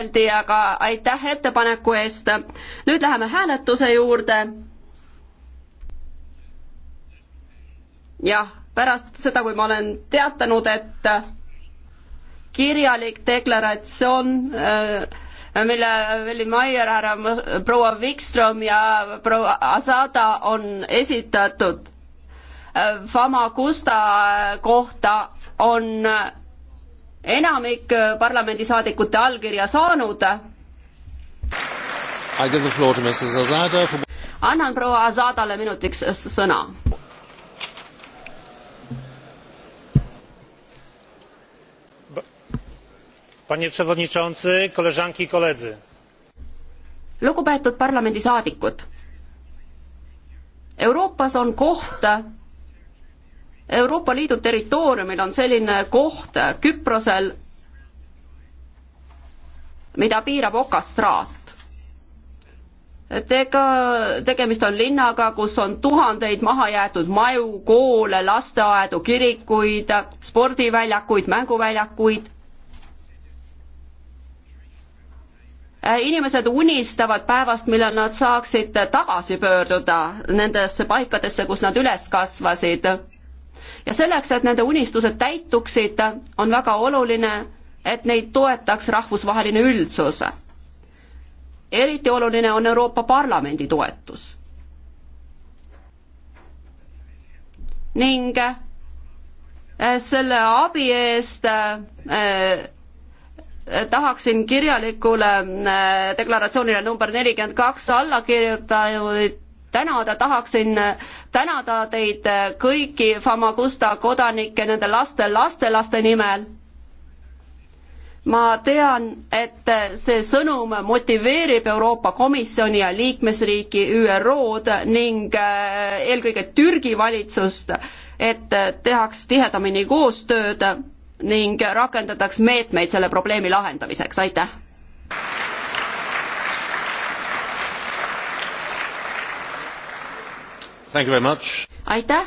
öeldi, aga aitäh ettepaneku eest. nüüd läheme hääletuse juurde. jah, pärast seda, kui ma olen teatanud, et kirjalik deklaratsioon äh, mille Veli Maier, härra proua Wikström ja proua Asada on esitatud äh, Famagusta kohta on enamik äh, parlamendisaadikute allkirja saanud. annan proua Azadale minutiks sõna. Panie przewodniczący, koleżanki i koledzy. Lugupeetud parlamendisaadikud. Euroopas on koht, Euroopa Liidu territooriumil on selline koht Küprosel, mida piirab okastraat. Tega, tegemist on linnaga, kus on tuhandeid mahajäetud maju, koole, lasteaedu, kirikuid, spordiväljakuid, mänguväljakuid. inimesed unistavad päevast, millal nad saaksid tagasi pöörduda nendesse paikadesse, kus nad üles kasvasid ja selleks, et nende unistused täituksid, on väga oluline, et neid toetaks rahvusvaheline üldsus. eriti oluline on Euroopa Parlamendi toetus. ning äh, selle abi eest äh, äh tahaksin kirjalikule äh, deklaratsioonile number nelikümmend kaks allakirjutanuid tänada, tahaksin tänada teid kõiki Famagusta kodanikke nende laste, lastelaste nimel. ma tean, et see sõnum motiveerib Euroopa Komisjoni ja liikmesriiki ÜRO-d ning äh, eelkõige Türgi valitsust, et tehaks tihedamini koostööd ning rakendataks meetmeid selle probleemi lahendamiseks, aitäh! aitäh!